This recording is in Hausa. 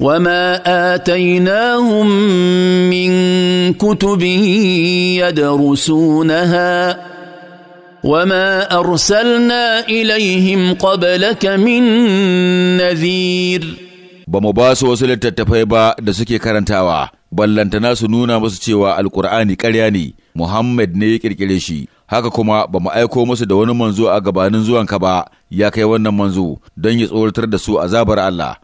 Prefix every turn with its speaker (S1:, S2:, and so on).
S1: وما اتيناهم من كتب يدرسونها وما ارسلنا اليهم قبلك من نذير
S2: bamu ba su wasu littattafai ba da suke karantawa ballantana su nuna musu cewa alkur'ani ƙarya ne muhammad ne ya ƙirƙire shi haka kuma ba mu aiko musu da wani manzo a gabanin zuwanka ba ya kai wannan manzo don ya tsoratar da su azabar allah